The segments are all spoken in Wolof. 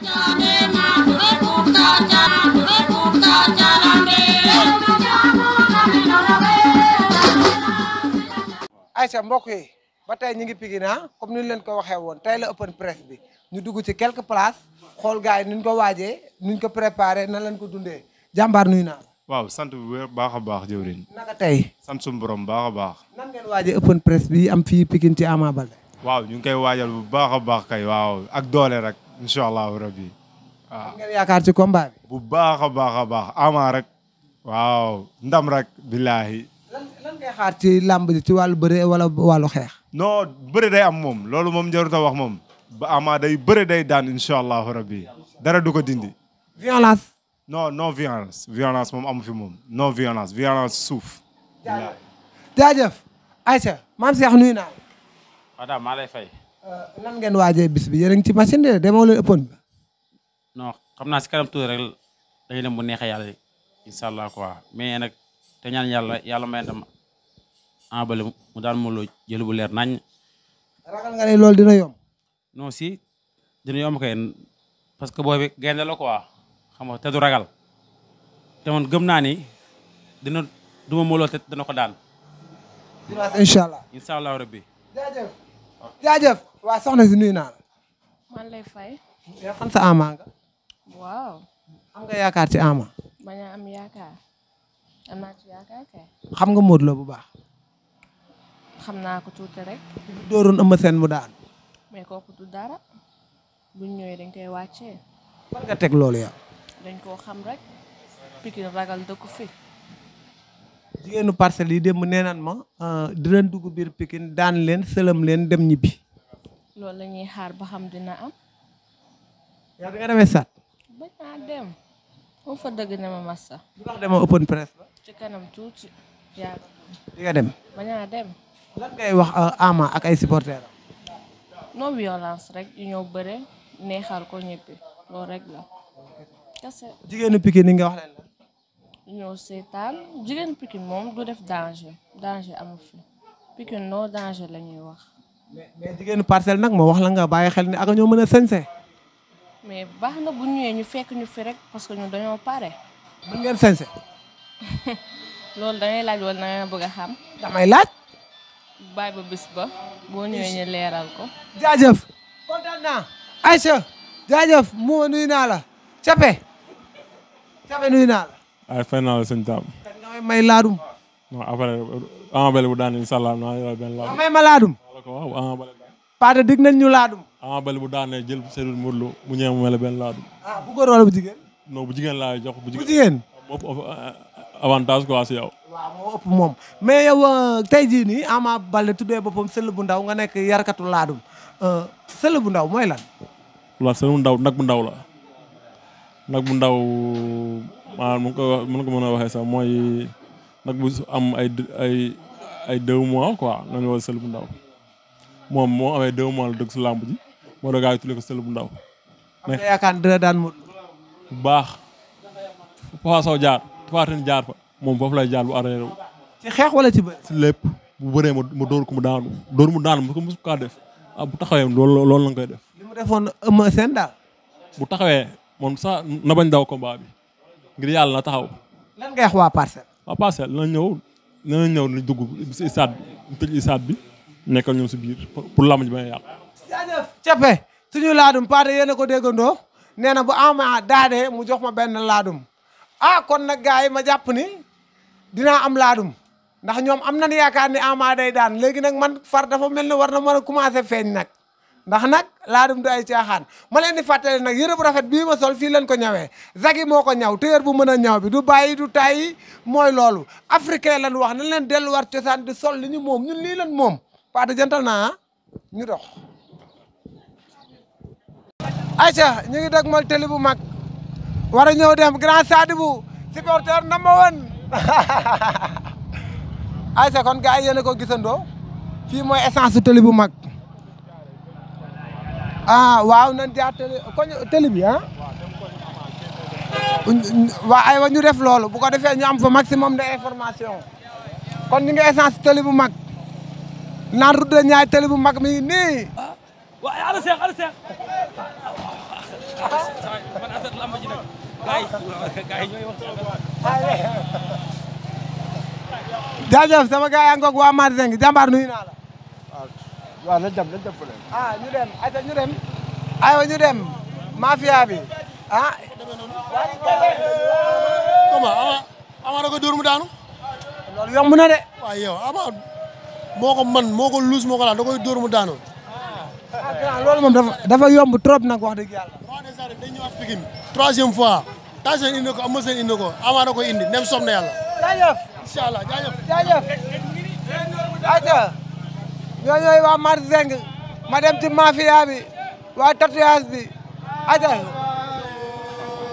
Aïcha mbok yi ba tey ñu ngi Pikine ah comme ni leen ko waxee woon tey la open press bi ñu dugg ci quelques places xool gars yi nuñ ko waajee nuñ ko préparé na leen ko dundee jàmbaar nuyu naa waaw sant bu wér baax a baax jëwriñ naka tey sant suñu borom baax a baax nan ngeen waajee open press bi am fii Pikine ci Ama waaw ñu ngi koy waajal bu baax a baax kay waaw ak doole rek incha allahu rabi. yaakaar ci combat bu baax a baax a baax ama rek. waaw ci làmb ji ci wàllu bëre wala am moom loolu moom jarut a wax moom. ba ama day bëre day daan incha allahu rabi dara du ko dindi. suuf. jaajëf jaajëf. Aïcha maam Cheikh nuyu naa la. madame maa lay Eh, lan ngeen waje bis bi yéen ci machine de demoo leen ëppoon. non xam naa ci kanam tour rek dañu dem bu neexee yalla inshallah quoi mais nak te ñaan yalla yalla may dem emballé ah, mu daan lo jël bu leer nañ ragal nga ne lol dina yom non si dina yom kay parce que bi gaynde la quoi xam nga te du ragal te man gëm na ni dina duma mo lo te dina ko daan. inshallah inshallah rabbi jaajëf jaajëf. waa soxna si nuyu naa man lay fay. yow fan sa ama waaw. am nga yaakaar ci ama. bañ am yaakaar. am naa ci yaakaar kay. xam nga Modou Lo bu baax. xam naa ko tuuti rek. bu dooroon ëmb seen mu daan. mais kooku du dara. buñ ñëwee dañ koy wàccee. teg loolu dañ koo xam rek. Pikine ragal dëkk fi. jigéenu parcelles yi démb nee naan ma euh, dinañ dugg biir Pikine daan leen sëlëm leen dem ñibbi. loolu la ñuy xaar ba xam dina am. yow bi nga demee sat bañ dem. fa dëgg ne ma massa. open press ba. ci kanam tuuti yàlla. di nga dem. bañ dem. lan wax euh, Ama ak ay supporters violence rek yu ñëw bëre neexal ko ñëppi loolu rek la. jigéenu Pikine ni nga wax leen la. yu ñëw seetaan jigéen Pikine moom du def danger danger amu fi Pikine noo danger la wax. mais mais jigéenu parcelle nag ma wax la nga bàyyi xel ne ak ñoo mën a sañse mais baax na bu ñëwee ñu fekk ñu fi rek parce que ñu dañoo pare. mën ngeen sañse loolu dangay laaj wala dangay bëgg a xam. damay laaj. bàyyi ba bis ba. boo ñëwee ñu leeral ko. jaajëf. kontaan mu nuyu naa la. Cape. Cape nuyu naa la. waaye bu daan ma laadum. Paate dig nañ ñu laadum. Ama bu daanee jël bu Mourlo mu ñëw mu mel benn ah, bu góor wala bu jigéen. non bu jigéen laa jox bu jigéen. moo ëpp avantage quoi si yow. moo ëpp moom mais yow euh, tey jii nii Ama Baldé tuddee boppam sël bu ndaw nga nekk yarkatu laadum sël euh, bu ndaw mooy lan. waaw sël bu ndaw nag bu ndaw la nag bu ndaw maanaam mu ko mën ko mën a waxee sa mooy nag bu am ay ay ay deux mois quoi nañu war sël bu ndaw. moom moo amee deux mois la dëgg si làmb ji moo tax yi tuddee ko sël bu ndaw. am na yaakaar dina daan mu. bu baax. Papa Sow jaar Papa jaar moom foofu lay jaar bu ci xeex wala ci bëri. si lépp bu bëree ma dóor ko mu daanu dóor mu daanu ma ko def ah bu taxawee lool loolu la nga koy def. li mu defoon Eumeu Sène daal. bu taxawee moom sax na bañ daw combat bi ngir yàlla na taxaw. lan ngay wax waa parcelle. waa parcelle dina ñëw dina ñëw ni dugg bi tëj stade bi. nekk ñoom si biir pour lamb ji ba yàq jaajëf cappe suñu laadum paate yéen a ko déggandoo nee na bu ama daadee mu jox ma benn laadum ah kon nag gars yi ma jàpp ni dinaa am laadum ndax ñoom am na nañ yaakaar ni ama day daan léegi nag man far dafa mel ne war na mën a commencé feeñ nag ndax nag laadum du ay caaxaan ma leen di fàttali nag yëre bu rafet bii ma sol fii leen ko ñawee zagi moo ko ñaw téer bu mën a ñaw bi du bàyyi du tàyyi mooy loolu africain lan wax nañ leen delluwaat cosaan di sol li ñu moom ñun lii lan moom paate jantal naa ñu dox ayca ñu ngi dëgmal télé bu mag war a ñëw dem grand stade bu supporter number one kon gars yi yéen fii mooy essence su bu mag ah waaw nan jaar télé koñ télé bi ah ñu def loolu bu ko defee ñu am fa maximum de information kon ñu ngi essence télé bu mag naru de Niayes tele bu mag mi ni ah, wa ya ala Cheikh ala Cheikh. man affaire lamb ji nag gars yi ñooy wax. jaajëf sama gay yaa ngi ko waa Mate Seng jàmbaar nuyu naa la. wa ah, la jam la jam ah, dem fële. ah ñu dem ay ta ñu dem. ay wa ñu dem mafia bi ah. comment ama ama ko dur mu daanu. lolu yom na de. wa yow iya, ama moko man moko lose moko la moo ko da koy dóor mu daanu. ah mom dafa dafa yomb trop nak wax deug yalla troisième fois Tyson indi ko Eumeu Sène indi ko amana ko indi nem somna yalla jajeuf inshallah jajeuf jajeuf jaajëf. jaajëf. ayca ñooñu Mar Zeng ma dem ci mafia bi wa tatouage bi ayca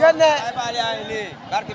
ngeen ne. barki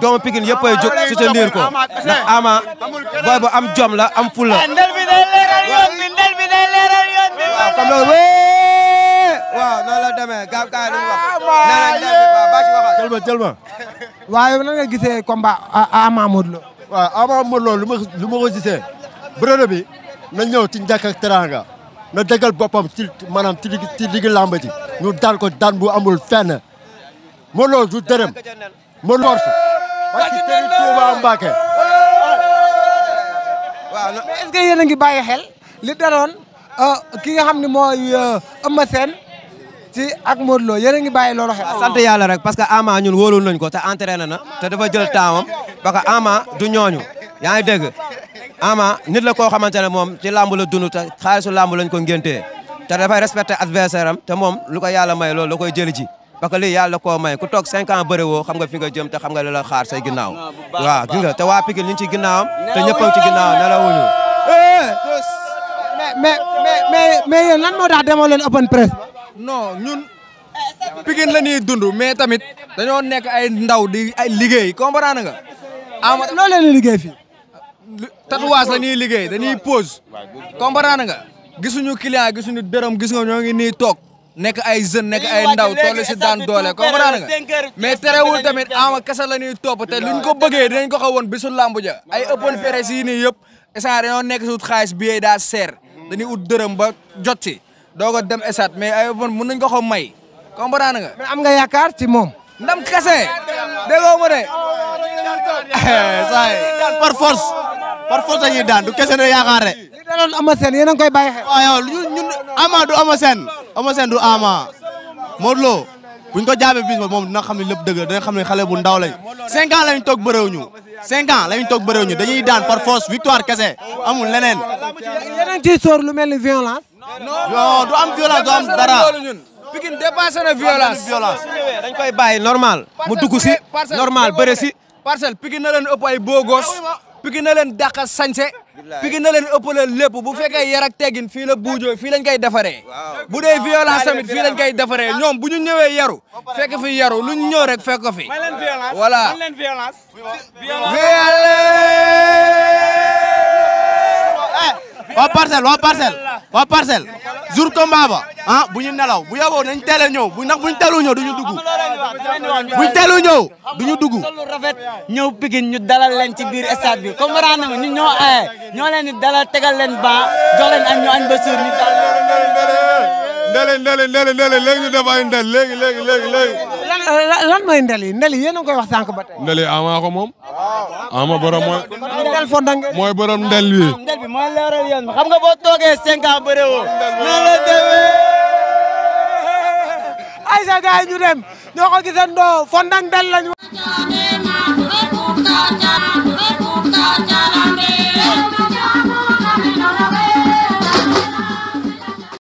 doomu Pikine yëpp ay jóg soutenir ko ndax Ama booy bu am jom la am ful la. ndel bi day leeral yoon bi ndel bi day leeral yoon bi. waaw comme loolu waaw noonu la demee gàpp kaay li mu wax nee nañ ndel bi waaw bàcc waxal. jël ma jël ma. waaye nan nga gisee combat Ama Modou Lo. waaw Ama Modou Lo lu ma lu ma ko gisee. bëre bi na ñëw ci njëkk ak teraanga na dëggal boppam ci maanaam ci digg ci digg làmb ji ñu daan ko daan bu amul fenn Modou Lo du dërëm Modou Lo barki Serigne Touba Mbacké. waaw mais yéen a ngi bàyyi xel li daroon euh, ki nga xam ne mooy euh, Eumeu Sène ci ak Modou Lo yéen a ngi bàyyi loolu xel. sant yàlla rek parce que Ama ñun wóolul nañ ko te entraîné na te dafa jël taamam parce que Ama du ñooñu yaa ngi dégg Ama nit la koo xamante ne moom ci làmb la dund te xaalisu làmb lañ ko ngéntee te dafay respecté adversaire am te moom lu ko yàlla may loolu la koy jëli ji. parce que lii yàlla koo may ku toog cinq ans bëre woo xam nga fi nga jëm te xam nga li la xaar say ginnaaw waaw gis nga te waa Pikine ñu ngi ci ginnaawam te ñëpp a ngi ci ginnaaw nelawuñu eh, mais mais mais mais yéen lan moo tax demoo leen open press non ñun Pikine la ñuy dund mais tamit dañoo nekk ay ndaw di ay liggéey comprendre nga ama loo leen di liggéey fii tatouage la ñuy liggéey dañuy pose comprendre nga gisuñu client gisuñu dërëm gis nga ñoo ngi nii toog Nek ay jeune nek ay ndaw toll si daan doole comprendre nga mais wul tamit ama kese la ñuy topp te luñ ko bëggé dañ ko xawon bisu làmb ja ay ëppoon presse yi ni yépp essaré no nek si ut xaalis bi da ser dañuy ut deureum ba jotti dogo dem essat mais ay ëppoon mën nañ ko xaw may comprendre nga. mais am nga yakar ci mom ndam kese dégo mo de. say. par force par force dañuy daan du kese ne yaakaar ré li daloon ama seen yéen ngoy baye xé bàyyi xel. ñun amadou du Eumeu Sène du Ama Modou Lo buñ ko jaabee bis ba moom dina xam ne lépp dëgg la dina xam ne xale bu ndaw lañ cinq ans lañ toog bëréewuñu cinq ans lañ toog bëréewuñu dañuy daan par force victoire kese amul leneen yeneen ci soor lu mel ni violence non du am violence du am dara Pikine dépassé na violence dañ koy bàyyi normal mu dugg si normal bëre si parcelle Pikine na leen ëpp ay beau gosse ah Pikine na leen dàqa sañse Pikine na leen ëppale lépp bu fekkee yar ak teggin fii la buujoo fii lañ bu dee violence tamit fii lañ koy defaree ñoom bu ñu ñëwee yaru fekk fi lu ñu ñëw rek fekk ko fi voilà waa parcelle waa parcelle waa parcelle jour combat ba ah bu ñu nelaw bu yaboo nañ teel a ñëw bu ndax bu ñu teelu ñëw du ñu dugg bu ñu teelu ñëw du ñu dugg. solu rafet ñëw Pikine ñu dalal leen ci biir stade bi comme raana nga ñu ñoo aye ñoo leen di dalal tegal leen ba jox leen añ ba suur ñu dal. ndeli ndeli ndeli ndeli ay ndel léegi léegi léegi lan lan mooy ndeli ndeli yéen a ngi koy wax sànq ba tey. moom. ama borom mooy. ndel mooy borom ndel bi. Ah, ndel bi mooy leeral xam nga boo toogee cinq ans bëre woo. na ay sa gars yi ñu dem ñoo ko gisandoo fondang